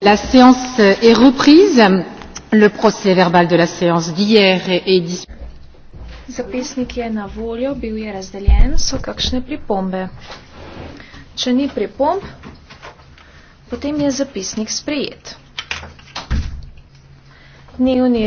La séance est reprise. Le procès verbal de la séance d'hier est, est disponible. Zapisnik je na voljo, bil je razdeljen, so kakšne pripombe. Če ni pripomb, potem je zapisnik sprejet. Dnevni